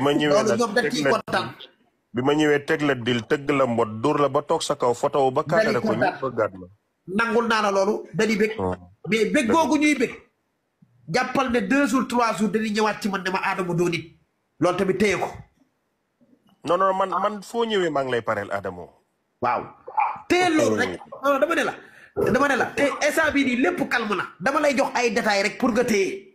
bi ma ñëwee nag teg la bi ma ñëwee teg la dil tëgg la mbot dóor la ba toog sa kaw fotow ba kaatare ko ñu bëggaat la nangul naa la loolu dañuy bég oh. mais bég googu ñuy bég jàppal ne deux jours trois jours dañuy ñëwaat ci man ne ma aadama doo nit loolu tamit téye ko non non man man foo ñëwee maa lay pareel aadama waaw téye loolu rek non dama ne dama ne te instant lépp calme dama lay jox ay détails rek pour nga téye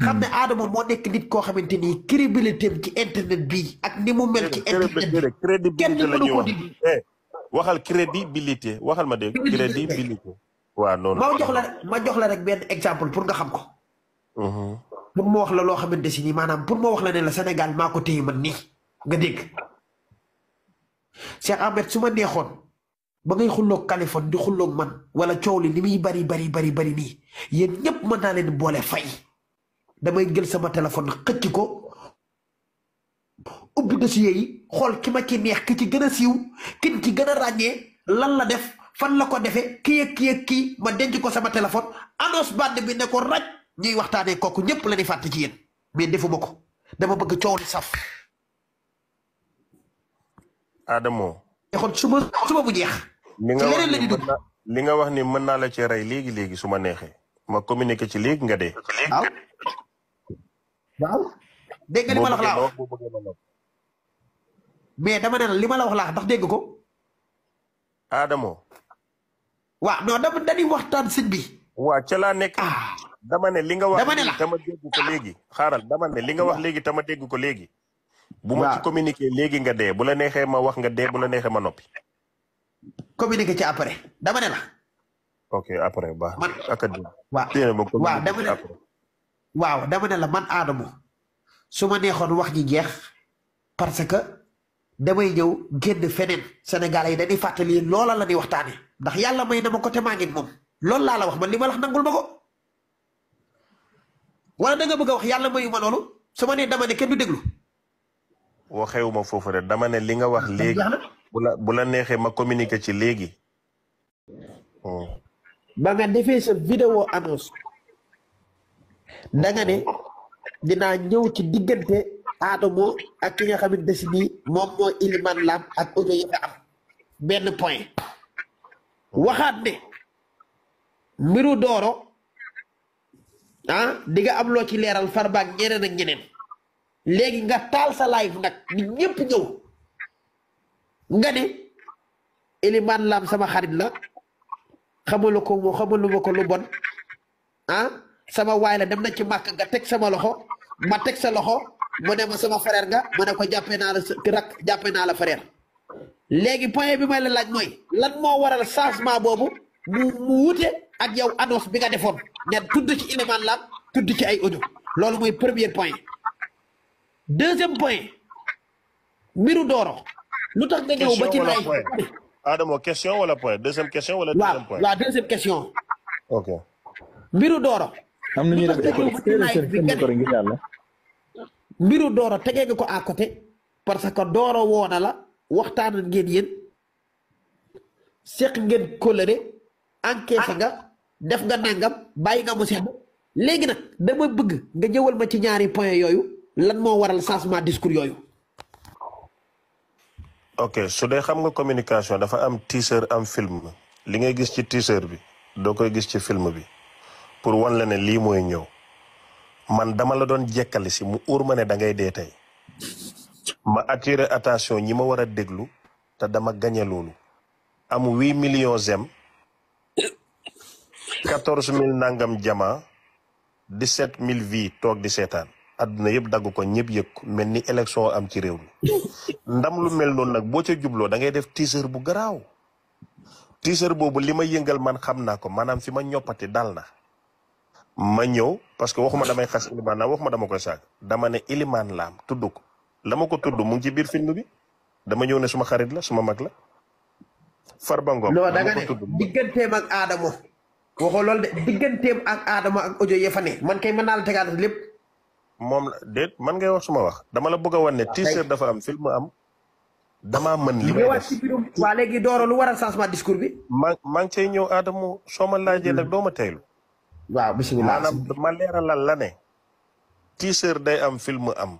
xam ne hmm. Adama moo nekk nit koo xamante ni crédibilité ci internet bi ak ni mu mel. ci internet bi crédibilité la ñuy wax eh, waxal crédibilité waxal ma dégg. crédibilité waaw noonu. la ma jox la rek benn exemple pour nga xam ko. Mm-hmm. pour ma wax la loo xamante si nii maanaam pour ma wax la ne la Sénégal maa ko téye man nii nga dégg. Cheikh Ahmed su ma neexoon ba ngay xulloog Kaliphone di xulloog man wala coow li ni muy bari bari bari bari nii yéen ñëpp mën naa leen boole fay. damay jël sama téléphone xëcc ko ubbi dossier yi xool ki ma ci neex ki ci gën a siiw kin ci gën a ràññee lan la def fan la ko defee kii ak kii ak kii ma denc ko sama téléphone annonce bande bi ne ko raj ñuy waxtaanee kooku ñëpp la di fàtte ci yéen mais defuma ko dama bëgg coow li saf. Adamo. kon suba suba bu jeex. li nga wax ni li nga wax ni mën naa la ci rey léegi léegi su ma neexee. ma communiqué ci léegi nga dee. Ah. waaw dégg wax laa wax mais dama ne la li ma la wax laa ndax dégg ko. Adamo. waaw non dama dañuy waa ca laa nekk. Ah. dama ne li nga wax léegi ko léegi. xaaral dama ne li nga wax léegi tama dégg ko léegi. bu ma ci communiqué léegi nga dee bu la neexee ma wax nga dee bu la neexee ma noppi. communiqué ci après dama ne la. ok après baax. man waaw waaw dama ne waaw dama ne la man Adamo su ma neexoon wax ji jeex parce que damay ñëw génn feneen Sénégalais yi dañuy fàttali loola la ñuy waxtaane ndax yàlla may na ma ko te maa moom loolu laa la wax man li ma wax nangul ma ko wala da nga bëgg a wax yàlla mayu ma loolu su ma nee dama ne kenn du déglu. waxewuma foofu rek dama ne li nga wax ah, léegi. bu bu la neexee ma communiquer ci léegi. Hmm. ba nga defee sa vidéo annonce. danga ne dinaa ñëw ci diggante Adamo ak ki nga xamante si nii moom moo Iliman Lam ak audio yi am benn point waxaat ne mbiru dooro ah di am loo ci leeral Farba ak ñeneen ak ñeneen léegi nga taal sa live nag nit ñëpp ñëw nga ne Iliman Lam sama xarit la xamalu ko ko lu bon ah. sama waay la dem na ci màkk nga teg sama loxo ma teg sa loxo mu ne ma sama frère nga ma ne ko jàppee naa la rak jàppee naa la frère léegi point bi may la laaj mooy lan moo waral changement boobu mu mu wute ak yow annonce bi nga defoon ne tudd ci Ilimane Lam tudd ci ay audio loolu mooy premier point deuxième point mbiru dooro lu tax nga ñëw ba ci lay Adamo question wala point deuxième question wala deuxième point waaw waaw deuxième question ok mbiru Doro am na ñuy def école ngir yàlla mbiru dooro tegee nga ko à côté parce que dooro woona la waxtaan ngeen yéen seq ngeen coloré encaissé nga def nga nangam bàyyi nga mu sedd léegi nag dama bëgg nga jëwal ma ci ñaari point yooyu lan moo waral changement discours yooyu ok su dee xam nga communication dafa am teaser am film li ngay gis ci teaser bi doo koy gis ci film bi pour wan la ne lii mooy ñëw man dama la doon jekkali si mu óor ma ne da ngay dee tey ma attirer attention ñi ma war a déglu te dama gañe loolu am huit millions zem nangam jama dix-sept mille vie toog di seetaan àdduna yëpp dagg ko ñëpp yëg ko mel ni élection am ci réew mi ndam lu mel noonu nag boo ca jubloo dangay ngay def teaser bu garaaw teaser boobu li ma yëngal man xam naa ko maanaam fi ma ñoppati dal na ma ñëw parce que waxuma damay xas ilimaan laam waxuma dama koy saag dama ne ilimaan laam ko la mu ngi ci bi dama ñëw ne suma xarit la suma mag la Farba Ngom non da nga ne digganteem ak Adamo waxoo loolu de man kay lépp moom la déet man wax suma wax dama la bëgg a wan ne ah, t-shirt dafa am film am damaa mën li may def waa léegi dooro waral changement discours bi maa maa ngi cay ñëw Adamo soo ma laajee hmm. nag doo ma waaw bisimilah maanaam ma leeralal la ne. Tisseur day am film am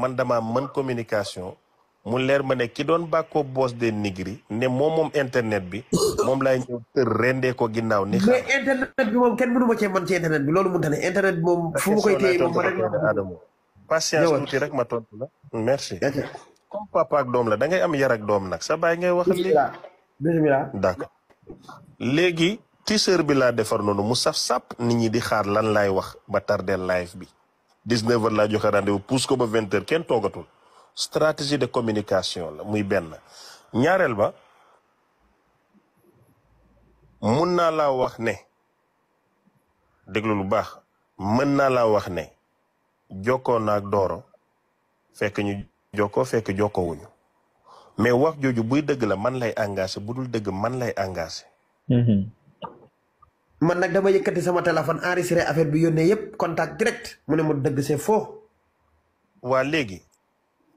man dama man communication mu leer ma ne ki doon bàkkoo boos de nigri ne moom moom internet bi moom laay ñëw tër rendee ko ginnaaw. ni xam bi moom kenn mënu ma cee mën internet bi loolu mënta ne internet bi moom. fu mu koy téye rek patience tuuti rek ma tontu merci. comme papa doom la da ngay am yar ak doom nag sa baay ngay wax. léegi bisimilah t-shirt bi laa defar noonu mu saf sap nit ñi di xaar lan laay wax ba tardeel live bi 19h laa joxe rendez bi pousse ko ba 20h kenn toogatul stratégie de communication la muy benn ñaareel ba mun naa laa wax ne déglu lu baax mën naa laa wax ne jokkoo ak dooro fekk ñu jokkoo fekk jokkowuñu mais wax jooju buy dëgg la man lay engagé bu dul dëgg man lay engagé. Mm-hmm. man nag dama yëkkati sama téléphone enregistré affaire bi yónnee yëpp contact direct mu ne mu dëgg c'est faux. waa léegi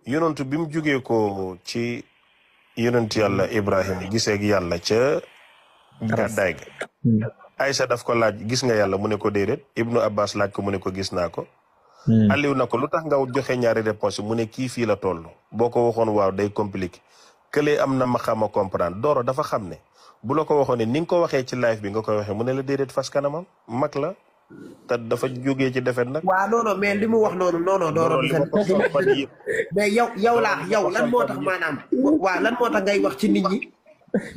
yonantu bi mu jógee ko ci yonantu yàlla Ibrahima gisee ak yàlla ca. gàddaay ga. daf ko laaj gis nga yàlla mu ne ko déedéet Ibnu Abbas laaj ko mu ne ko gis naa ko. Hmm. Aliou na ko lu tax nga joxe ñaari réponse mu ne kii fii la toll. boo ko waxoon waaw day compliqué. këlee am na ma xam a comprendre Doro dafa xam ne. bu la ko waxoon ne ni nga ko waxee ci live bi nga koy waxee mu ne la déedéet fas kanamam mag la te dafa jógee ci defeet nag. waaw non non mais li mu wax noonu non non. dooro defet mais yow laa yow lan moo tax maanaam. waa lan moo tax ngay wax ci nit ñi.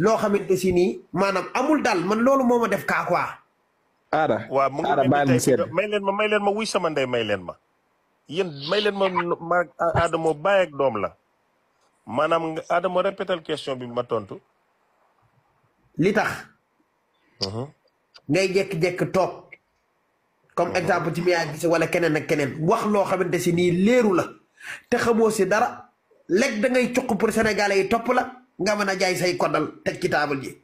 loo xamante si nii maanaam amul daal man loolu moo ma def kaa quoi. aada waaw mu ngi may leen ma may leen ma wuy sama ndey may leen ma. yéen may leen ma ma Adamo baay doom la maanaam Adamo répétal question bi ma tontu. li tax. Uh-huh. ngay jekk-jekk toog. comme uh-huh. exemple ci Mia Guissé wala keneen ak keneen wax loo xamante si nii leeru la te xamoo si dara lekk da ngay cuq pour sénégalais yi topp la nga mën a jaay say koddal te ci taabal ji.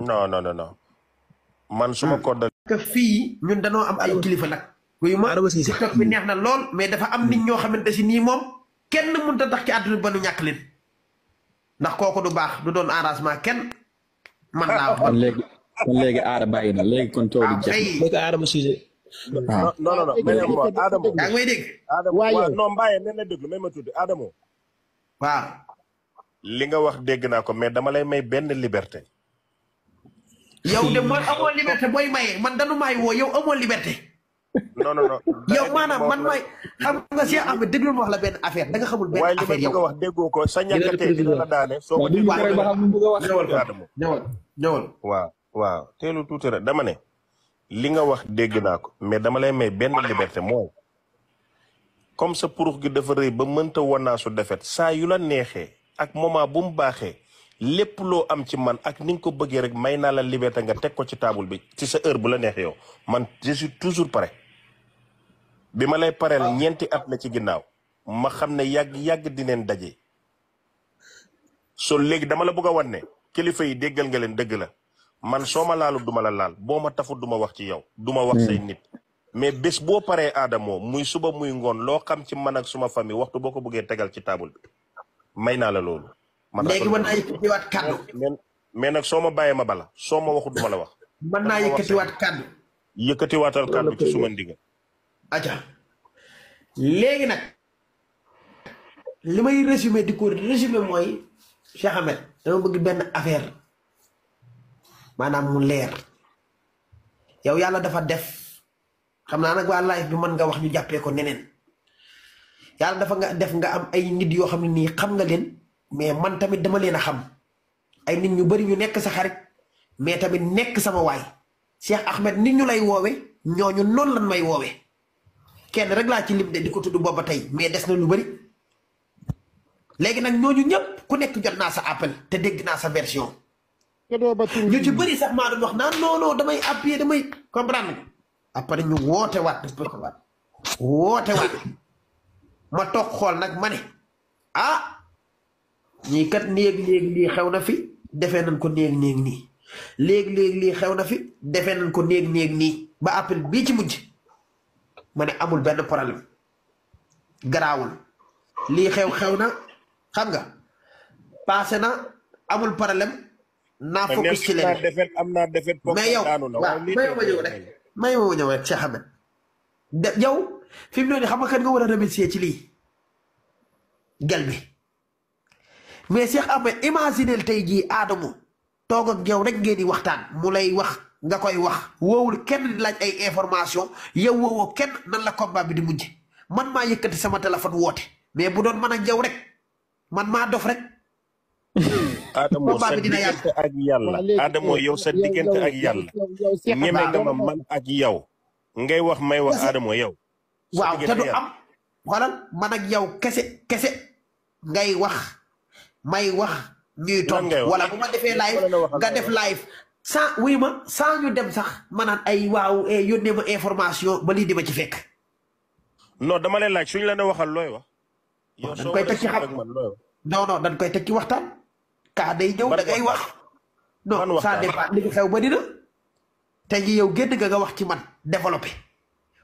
non non non man suma hmm. koddal. parce que fii ñun danoo am ay kilifa nag. kuy ma neex na lool mais dafa am nit ñoo xamante si nii moom kenn mënut a tax ci àdduna ba nu ñàkk leen ndax kooku du baax du doon arrangement kenn. man laa wax. kon léegi kon léegi aada bàyyi na léegi kon coow di jeex. léegi aada ah. may dégg. waaw non Mbaye nee na déglu may ma tudd Adama. waaw. li nga wax dëgg naa ko mais dama lay may benn liberté. yow de man amoo liberté booy maye man danu may woo yow amoo liberté. non non man may xam nga Cheikh Ahmed déglu ma wax la benn affaire da nga xamul benn affaire yow. wax déggoo ko sa ñàkk tey la daane. soo ko déglu ba a wax. ñëwal ñëwal ñëwal. waaw waaw teelu tuuti rek dama ne. li nga wax dégg naa ko mais dama lay may benn liberté mooy. comme sa purux gi dafa rëy ba mënta wanaa su defet saa yu la neexee ak moment bu mu baaxee lépp loo am ci man ak ni ko bëggee rek may naa la liberté nga teg ko ci table bi ci sa heure bu la neex yow man je toujours pare bi ma lay pareel ñeenti at la ci ginnaaw ma xam ne yàgg-yàgg dineen daje so léegi dama la bëgg a wan ne kilifa yi déggal nga leen dëgg la man soo ma laalu duma la laal boo ma tafut duma wax ci yow duma wax say hmm. nit mais bés boo paree aadamoo muy suba muy ngoon loo xam ci man ak suma famille waxtu boo ko bëggee tegal ci taabul bi may naa la loolu man léegi mën naa yëkkatiwaat kàddu mais nag soo ma bàyyee ma bala soo ma waxut duma la wax mën naa yëkkatiwaat kàddu yëkkatiwaatal kàddu ci suma ndigal aja léegi nag li may résumé di ko résumé mooy Cheikh Ahmed dama bëgg benn affaire maanaam mu leer yow yàlla dafa def xam naa nag waa live bi mën nga wax ñu jàppee ko neneen yàlla dafa nga def nga am ay nit yoo xam ne nii xam nga leen mais man tamit dama leen a xam ay nit ñu bari ñu nekk sa xarit mais tamit nekk sama waay Cheikh Ahmed nit ñu lay woowe ñooñu noonu lan may woowe kenn rek laa ci lim de di ko tudd booba tey mais des na lu bëri léegi nag ñooñu ñëpp ku nekk jot naa sa appel te dégg naa sa version. ñu ci bëri sax maa doon wax naan non non damay appuyer damay comprendre nga. après ñu woote waat woote ma toog xool nag ma ah ñii kat néeg néeg lii xew na fi defee nañ ko néeg néeg nii léeg-léeg lii xew na fi defee nañ ko néeg néeg nii ba appel bii ci mujj. mane amul benn problème garaawul lii xew xew na xam nga passé na amul problème naa focus ci leen mais yow waaw may ma ñëw rek may ma ñëw rek Cheikh Ahmed de yow mu xam nga kan nga war a remercier ci lii gel bi mais Cheikh Ahmed imaginel tey jii Adamo toog ak yow rek ngeen di waxtaan mu lay wax nga koy wax woowul kenn di laaj ay information yow woowoo kenn nan la combat bi di mujj man maa yëkkati sama téléphone woote mais bu doon mën a jaw rek man maa dof rek. Adamo sa diggante ak yàlla Adamo yow sa diggante ak yàlla ñeme nga ma man ak yow ngay wax may wax Adamo yow. waaw te du am xoolal man ak yow kese kese ngay wax may wax ñuy toog wala bu ma defee live nga def live sans wuy ma sans ñu dem sax maanaam ay waaw eh, yónnee ma information ba lii di ma ci fekk. non dama lay laaj suñ la ne waxal looy wax. yow dañ koy teg ci xam non non dañ koy teg ci waxtaan. kaa day ñëw da ngay wax. non ça dem li nga xew ba dina. te ngi yow génn nga nga wax ci man développé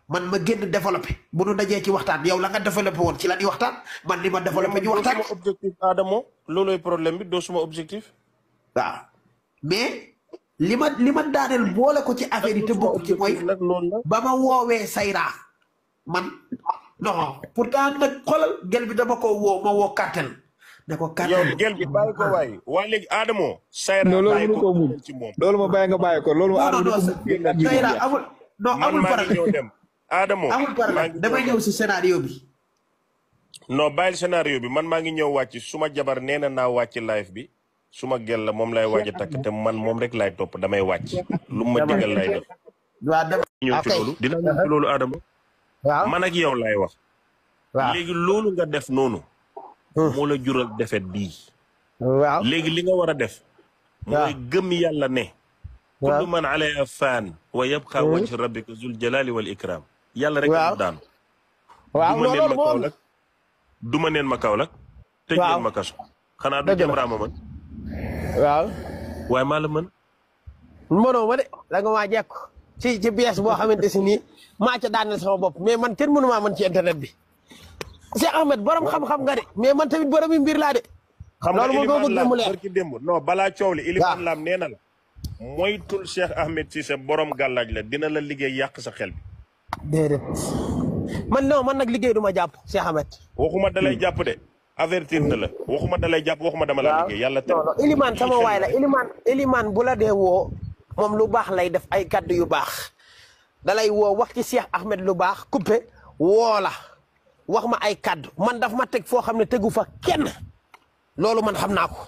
man ma génn développé bu nu dajee ci waxtaan yow la nga développé woon ci la ñuy waxtaan man li ma développé ñu waxtaan. loolu suma objectif Adamo loolooy problème bi doo suma objectif. waaw mais. li ma li ma daaneel boole ko ci affaire yi te bokk ci mooy ba ma woowee sayraa man non pourtant nag bi dama ko woo ma woo cartel ne ko cartel ah. ci moom loolu ma nga bàyyi ko loolu ma sayra amul ñëw si scénario bi non bàyyil scénario bi man maa ngi ñëw wàcc suma jabar nee na naa wàcc live bi suma gel la moom lay waaj a takk te man moom rek lay topp damay wàcc lu ma digal lay def waaw dama ñëw ci loolu dina ñëw ci Adama waaw man ak yow lay wax waaw léegi loolu nga def noonu hmm. moo la jural defet bii waaw léegi li nga war a def mooy gëm yàlla ne kullu man alayha faan wa yabqa hmm. wajhu yàlla rek a daanu waaw duma neen ma Kaolack duma neen ma Kaolack tëj leen ma kaso xanaa du jëm raama man waaw. waaye maa la man mënoo ma de da nga maa jekku ci ci pièce boo xamante si nii ma ca daaneel sama bopp mais man kenn mënu maa mën ci internet bi. Cheikh Ahmed borom xam-xam nga de mais man tamit borom yi mbir laa de. xam nga Ilimane Lam barki démb non balaa coow li Ilimane Lam nee na la. moytul Cheikh Ahmed Cissé borom gàllaaj la dina la liggéey yàq sa xel bi. déedéet man non man nag liggéey du ma jàpp Cheikh Ahmed. waxuma dalay jàpp de. avertir na la waxuma dalay jàpp waxuma dama laa yàlla te ilimaan sama waay la ilimaan ilimaan bu la dee woo moom lu baax lay def ay kàddu yu baax dalay woo wax ci Cheikh Ahmed lu baax coupé woo la wax ma ay kàddu man daf ma teg foo xam ne tegu fa kenn loolu man xam naa ko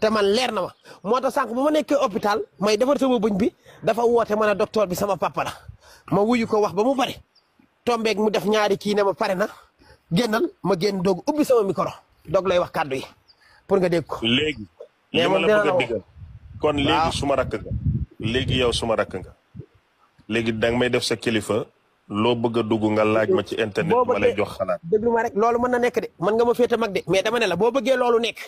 te man leer na ma moo tax sànq ba ma nekkee hôpital may defar sama bëñ bi dafa woote ma ne docteur bi sama papa la ma wuyu ko wax ba mu pare tombeeg mu def ñaari kii ne ma pare na génnal ma génn doog ubbi sama micro doog lay wax kàddu yi pour nga dégg ko. léegi li ma kon léegi suma rakk nga. léegi yow suma rakk nga. léegi danga may def sa kilifa loo bëgg a dugg nga laaj ma ci internet ma lay jox xanaat déglu ma rek loolu mën na nekk de mën nga ma féete mag de mais dama ne la boo bëggee loolu nekk.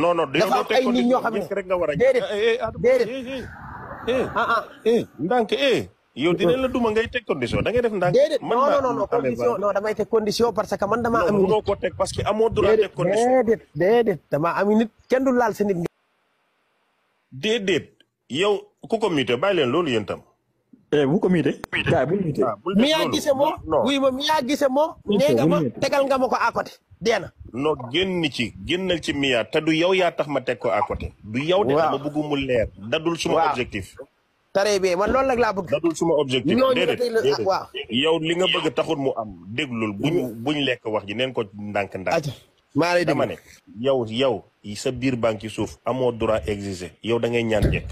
non non dafa am ay nit ñoo xam ne déedéet déedéet. Eh, eh, eh, ah ah. ndànk yow dinañ la duma ngay teg condition da ngay def ndànk. déedéet non condition damay teg parce que man damaa. am nit non ko teg parce que amoo droit teg condition. déedéet déedéet damaa am nit kenn du laal sa nit. déedéet yow ku ko muté bàyyi leen loolu yéen tam. Eh, bu ko muté. waaw bu muté mi yaa gisee moom. non wuy ma mi yaa moom. nee nga ma tegal nga ko à côté dee na. non génn ci génnal ci mi yaa te du yow yaa tax ma teg ko à du yow de dama bëgg mu leer. dadul suma objectif. très bien man lool nag laa bëgg. dadul suma objectif déedéet waaw yow li nga bëgg taxul mu am déglul buñ buñ lekk wax ji neen ko ndànk ndànk. maa lay dama ne yow yow sa biir banque ci suuf amoo droit exiger yow da ngay ñaan njëkk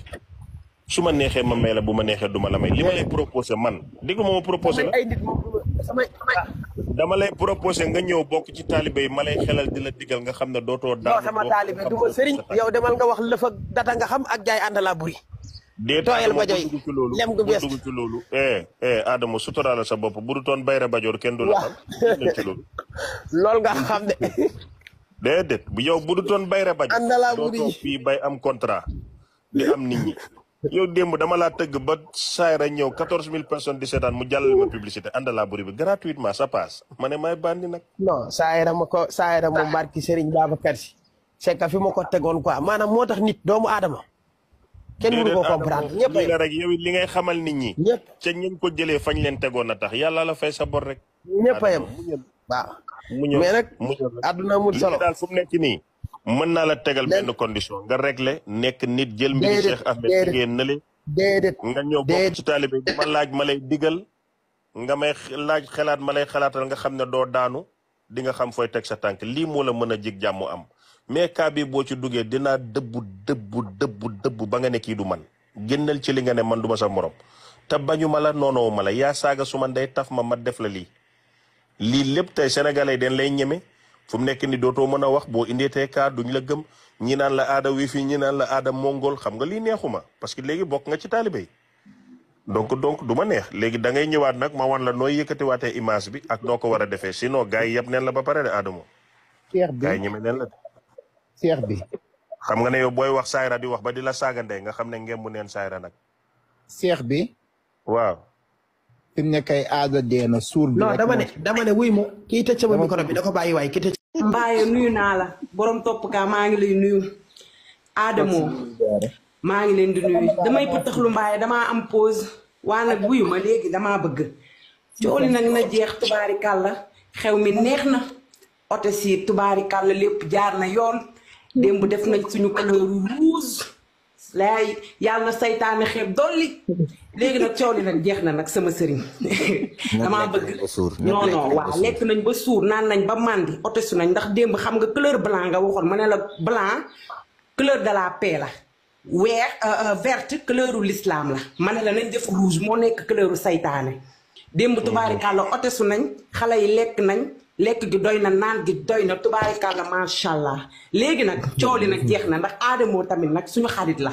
su ma neexee ma may la bu ma neexee duma la may li ma lay proposé man déglu ma ma proposé la dama lay proposé nga ñëw bokk ci taalibe yi ma lay xelal di la digal nga xam ne dootoo. daal sama sëriñ yow demal nga wax lëf ak data nga xam ak jaay àndalaa buri tooyal bajo yi lem gu bees dugg ci loolu eh eh Adama suturaale sa bopp bu du toon bayra bajoor kenn du la xam ci loolu nga xam de déedéet bu yow bu du toon bayra bajoor doo toog fii bay am contrat di am nit ñi yow démb dama laa tëgg ba saayra ñëw quatorze mille personnes di seetaan mu jal ma publicité àndalaa buri bi gratuitement sa passe ma ne may bandi nag non saayra ma ko saayra ma barki Serigne Babacar Si c'est que fi ma ko tegoon quoi maanaam moo tax nit doomu aadama kenn mënu ko rek yow li ngay xamal nit ñi ñëpp ca ñeen ko jëlee fañ leen tegoon tax yàlla la fay sa bor rek ñëpp a yem waaw mais nag àdduna mu solo daal fu nekk nii mën naa la tegal benn condition nga rek régler nekk nit jël mbiri Cheikh Ahmed na le déedéet nga ñëw bokk ci taalibe laaj ma lay digal nga may laaj xalaat ma lay xalaatal nga xam ne doo daanu di nga xam fooy teg sa tànk lii moo la mën a jig jàmm am mais cas bi boo ci duggee dinaa dëbbu dëbbu dëbbu dëbbu ba nga ne kii du man génnal ci li nga ne man du ma sa morom te bañu ma la noonowu ma la yaa saaga su man day taf ma ma def la lii lii lépp tey sénégalais den lay ñeme fu mu nekk ni dootoo mën a wax boo indee tey cas duñ la gëm ñi naan la aada wi fii ñi naan la aada mongol xam nga lii neexuma parce que léegi bokk nga ci taalibe yi donc donc du ma neex léegi da ngay ñëwaat nag ma wan la nooy yëkkatiwaatee image bi ak noo ko war a defee sinon gars yi yëpp neen la ba pare de aadamo gars yi ñeme neen la de seex bi. xam nga ne yow booy wax saayra di wax ba di la saaga ndey nga xam ne ngeen mu neen saayra seex bi. waaw. fi ne kay aada dee na suur bi. non dama ne dama ne wuy ma kii tëj sama micro bi da ko naa la borom topp kaa maa ngi lay nuyu. Adamo ngi leen di nuyu damay pëtaxlu am pause. waa nag wuyu ma léegi damaa bëgg. coow li na jeex tubaarikàlla xew mi neex na. ote si tubaarikàlla lépp jaar na yoon. démb def nañ suñu couleur rouge laay yàlla seytaane xeeb dolli léegi nag coow li nag jeex na nag sama sëriñ damaa bëgg non non waaw lekk nañ ba suur naan nañ ba màndi oto su nañ ndax démb xam nga couleur blanc nga waxoon ma ne la blanc couleur de la paix la weer euh, euh, verte couleuru l'islam la ma ne la nañ def rouge moo nekk couleuru saytaane démb mhm. tubaarikàlla oto su nañ xale yi lekk nañ lekk gi doy na naan gi doy na tubaarikàlla macha allah léegi nag coow li nag jeex na ndax aadamoo tamit nag suñu xarit la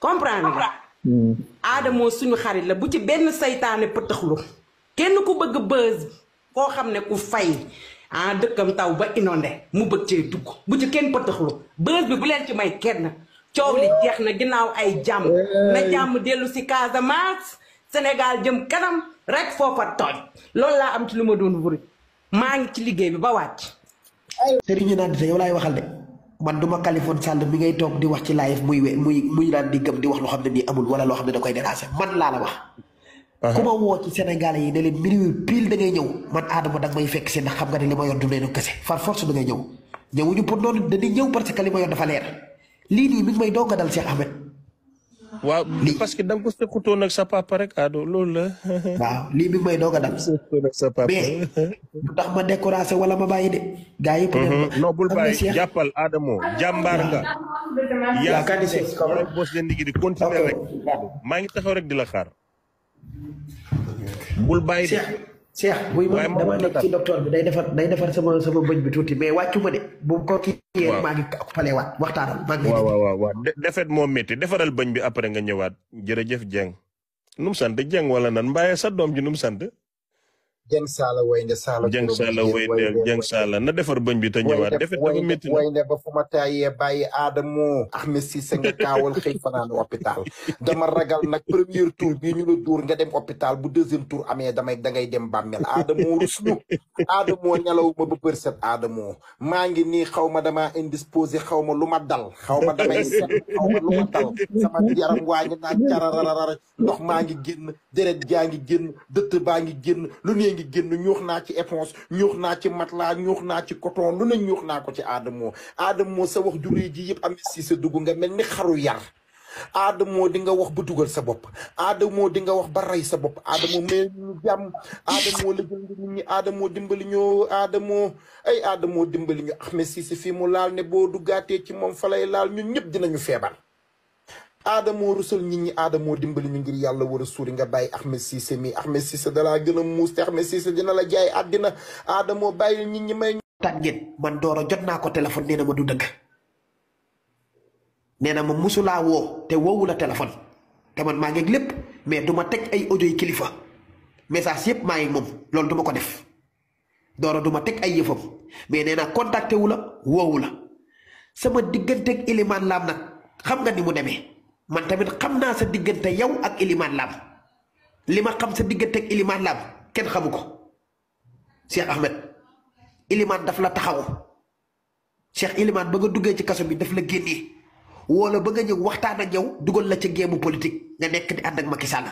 comprendre nga. aadamoo mm. suñu xarit la bu ci benn seytaane pëtëxlu kenn ku bëgg bës xam ne ku fay ah dëkkam taw ba inondé mu bëgg cee dugg bu ci kenn pëtëxlu bës bi bu leen ci may kenn coow li jeex na ginnaaw ay jàmm eh. na jàmm dellu si Casamance Sénégal jëm kanam rek foofa toj loolu laa am ci lu ma doon wuri maa ngi ci liggéey bi ba wàcc. Serigne naan sa yow laay waxal de man du ma Kaliphone Sall mi ngay toog di ci live muy we muy muy naan di gëm di wax loo xam ne nii amul wala loo xam ne da koy déranger man laa la wax. ku woo ci Sénégalais yi ne leen minuit pile da ngay ñëw man Adama da nga may fekk si ndax xam nga ne li ma yor du leen kese far force da ngay ñëw ñëwuñu pour noonu dañuy ñëw parce que li ma yor dafa leer lii nii mi ngi may doog a dal Cheikh Ahmed. waaw parce que da nga ko sëkkutoon ak sa papa rek Ado ah, loolu la. waaw lii bi may doog a dab. sa papa mais bu tax ma découragé wala ma bàyyi de. gars yi peut mhm. bul bàyyi jàppal Adamo jàmbaar nga. yaa ngi nekk wala continuer rek. maa ngi taxaw rek di la xaar. bul bàyyi de. Cheikh buy man dama bi day defar day defar sama sama bëñ bi tuuti mais wàccu ma de bu ko kii yéen maa ngi palewaat waxtaanal maa ngi waaw defet moo métti defaral bëñ bi après nga ñëwaat jërëjëf Dieng nu mu sant Dieng wala nan mbaaye sa doom ji nu mu sant Jeng Saala Waynde Saala. Jeng Saala na defar bëñ bi te ñëwaat. defet dafa ba fu ma taayee bàyyi Adamo. Ahmed Cissé nga kaawal xëy fanaan hôpital dama ragal nag premier tour bii ñu la dóor nga dem hôpital bu deuxième tour amee damay dangay dem bàmmeel Adamo ruslu Adamo ñalaw ma ba për set Adamo maa ngi nii xaw ma damaa indisposé xaw ma lu ma dal xaw ma damay set xaw yaram waa ngi naan ndox maa ngi génn deret jaa gi génn da baa gi génn lu nee ngi génn ñuux naa ci éponge ñuux naa ci matelas ñuux naa ci coton lu ne ñuux naa ko ci aadamoo aadamoo sa wax juree ji yëpp am si sa dugg nga mel ni xaru yar aadamoo di nga wax ba dugal sa bopp aadamoo di nga wax ba rey sa bopp aadamoo may ñu jàmm aadamoo la jël nit ñi aadamoo dimbali ñoo aadamoo ay aadamoo dimbali ñu Ahmed Cissé fii mu laal ne boo duggaatee ci moom fa lay laal ñun ñëpp dinañu feebar aadamoo rusal nit ñi aadamoo dimbali ñu ngir yàlla war a suuri nga bàyyi Ahmed Cissé mi Ahmed Cissé dalaa gën a muus te Ahmed Cissé dina la jaay àddina aadamoo bàyyi nit ñi may tàngeen man dooro jot naa ko téléphone na ma du dëgg nee na ma musulaa woo te woowu la téléphone te man maa ngeeg lépp mais du ma teg ay audio kilifa message yëpp maa ngi moom loolu du ko def dooro duma teg ay yëfam mais nee naa contacté wu la woowu la sama diggante ilimaan laam nag xam nga ni mu demee man tamit xam naa sa diggante yow ak Elimane Lam li ma xam sa diggante ak Elimane Lam kenn xamu ko Cheikh Ahmed Elimane daf la taxaw Cheikh Elimane ba nga duggee ci kaso bi daf la génnee wala ba nga ñëw waxtaan ak yow dugal la ci géemu politique nga nekk di ànd ak ma Sall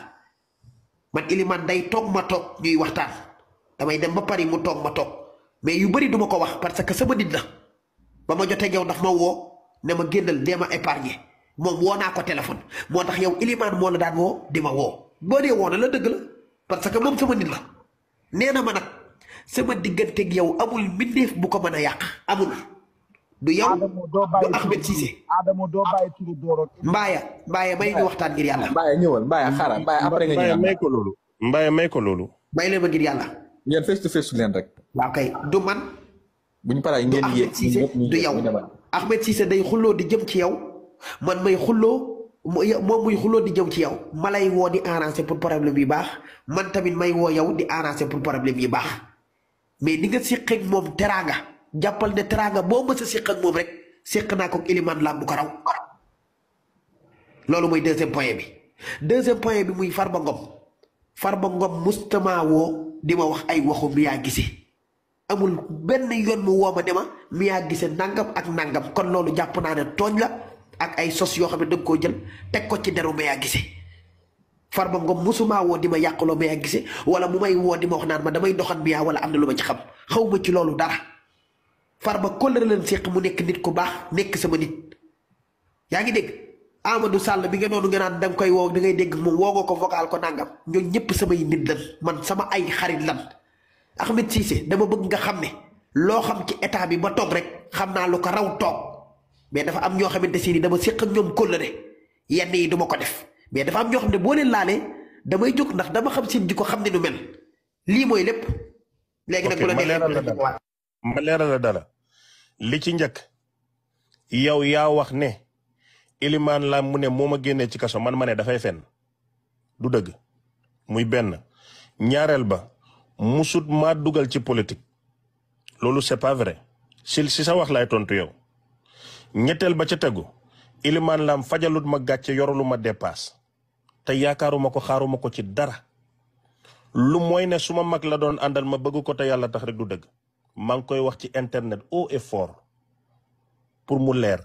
man Elimane day toog ma toog ñuy waxtaan damay dem ba Paris mu toog ma toog mais yu bëri duma ko wax parce que sama nit la ba ma jotee yow daf ma woo ne ma génnal dee ma épargner. moom woo naa ko téléphone moo tax yow ilimaan moo la daan woo di ma woo boo dee woo a la dëgg la parce que moom sama nit la nee na ma nag sama digganteeg yow amul mbindeef bu ko a yàq amul du yow du Ahmed Cissé Adamo doo bàyyi turu Doro mbaaya mbaaya may waxtaan ngir yàlla mbaaya ñëwal mbaaya xaaral mbaaya après loolu mbaaya may loolu may leen ma ngir yàlla ngeen face to leen rek waaw kay du man bu ñu paree ngeen yéeg du yow Ahmed Cissé day xulloo di jëm ci yow man may xulloo moom muy xulloo di jëw ci yow ma lay woo di arranger pour problème yi baax man tamit may woo yow di arranger pour problème yi baax mais ni nga séq ak moom teraanga jàppal ne teraanga boo mës a séq ak moom rek séq naa ko ilimaan laam bu ko raw loolu mooy deuxième point bi deuxième point bi muy Farba Ngom Farba Ngom mustama woo di ma wax ay waxu Mia Guissé amul benn yoon mu woo dema ne ma Mia Guissé nangam ak nangam kon loolu jàpp naa ne tooñ la ak ay sos yoo xam ne danga koo jël teg ko ci deru Meya far ba nga mosumaa woo di ma yàqaloo Meya Guissé wala mu may woo di ma naan ma damay doxan Meya wala am na lu ma ci xam xaw ma ci loolu dara Farba kóllëre leen séq mu nekk nit ku baax nekk sama nit yaa ngi dégg Amadou Sall bi nga noonu nga naan danga koy woo dangay ngay dégg moom woogoo ko vocal ko nangam ñooñu ñëpp samay nit lan man sama ay xarit lan Ahmed Cissé dama bëgg nga xam ne loo xam ci état bi ba toog rek xam naa lu ko raw toog mais dafa am ñoo xamante si ni dama séq ak ñoom kóllëre yenn yi du ma ko def mais dafa am ñoo xam ne boo leen laalee damay jóg ndax dama xam seen jikko xam ne nu mel lii mooy lépp. léegi nag bu la neexee ma leeral la dara li ci njëkk yow yaa wax ne Ilimaan la mu ne moom ma génne ci kaso man ma ne dafay fenn du dëgg muy benn ñaareel ba musut ma dugal ci politique loolu c'est pas vrai si si sa wax laay tontu yow. ñetteel ba ca tegu ilimaan laam fajalut ma gàcce yoralu ma dépasse te yaakaaruma ko xaaruma ko ci dara lu mooy ne su mag la doon àndal ma bëgg ko te yàlla tax rek du dëgg maa ngi koy wax ci internet haut et fort pour mu leer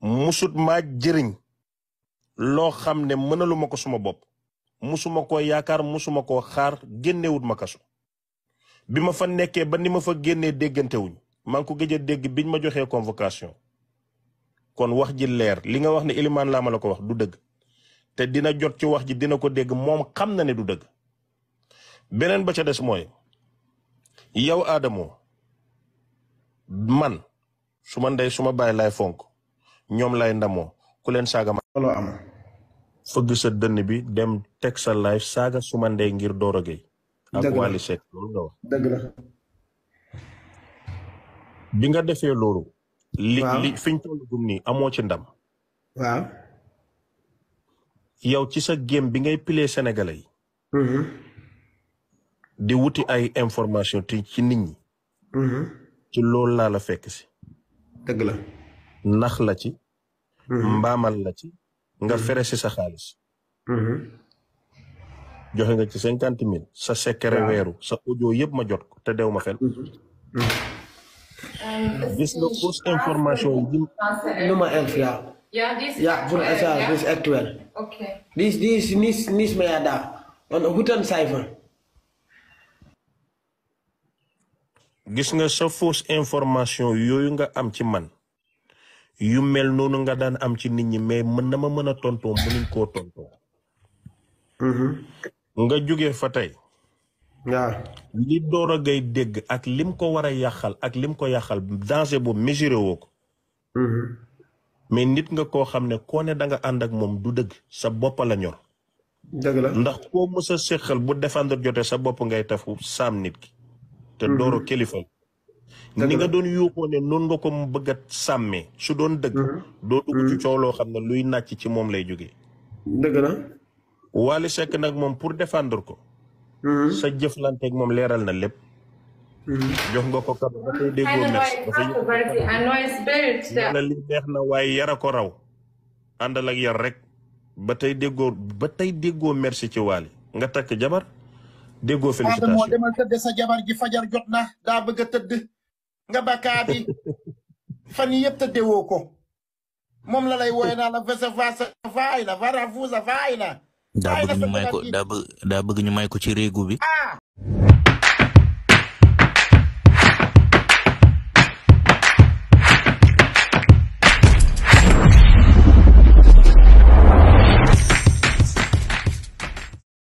musut maa jëriñ loo xam ne mënaluma ko suma bopp musuma ko yaakaar musuma ko xaar génnewut ma kaso bi ma fa nekke ba ni ma fa génnee déggantewuñ maa ngi ko gëj a dégg biñ ma joxee convocation kon wax ji leer li nga wax ne Elimane Lam la ko wax du dëgg te dina jot ci wax ji dina ko dégg moom xam na ne du dëgg beneen ba ca des mooy yow Adamo man su ma ndey suma baay bàyyi laay fonk ñoom lay ndamoo ku leen saaga ma looloo am fëgg sa dënn bi dem teg sa live saaga su ma ndey ngir Doro Gueye ak Wally Seck loolu nga wax dëgg la bi nga defee loolu li li fi ñu nii amoo ci ndam. waaw. yow ci sa game bi ngay piler sénégalais yi. Mm-hmm. di wuti ay information ti ci nit ñi. Mm-hmm. ci loolu laa la fekk si. dëgg la. nax la ci. Mm-hmm. mbaamal la ci. nga fere si sa xaalis. joxe nga ci cinquante mille. sa secret weeru sa audio yëpp ma jot ko te dew ma fen gis nga fausse information yi. no gis nga sa fausse information yooyu nga am ci man yu mel noonu nga daan am ci nit ñi mais mën na ma mën a tontoo mënuñ koo tontoo. Mm-hmm. nga jóge fa tey. waaw li Doro dégg ak lim ko war a yàqal ak lim ko yàqal danger boobu mesuré woo ko. Mm-hmm. mais nit nga koo xam ne koo ne da nga ànd ak moom du dëgg sa bopp la ñor. dëgg la ndax koo mës a bu défendre jotee sa bopp ngay tafu saam nit ki. te mm-hmm. Doro kilifa ni nga doon yuuxoo ne noonu nga ko bëgg a sàmmee su doon dëgg. Mm-hmm. doo dugg ci coow loo xam ne luy nàcc ci moom lay jóge dëgg la. Wally nag moom pour défendre ko. sa jëflanteeg moom leeral na lépp. jox nga ko kado dafay déggoo merci dafay li na waaye yara ko raw àndal ak yar rek ba tey déggoo ba déggoo merci ci waali nga takk jabar déggoo félicitation sa jabar ji fajar jot na daa bëgg a tëdd nga bakkaa bi fan yëpp tëddewoo ko moom la lay wooye la va ça va ay la va vous ça ay la daa may ko daa bëgg daa bëgg ñu may ko ci réegu bi ah.